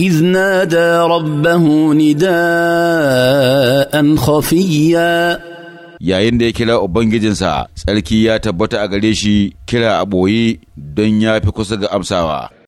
إذ نادى ربه نداء خفيا yayin da ya kira Ubangijinsa, tsarki ya tabbata a gare shi kira a ɓoye don ya fi kusa ga amsawa.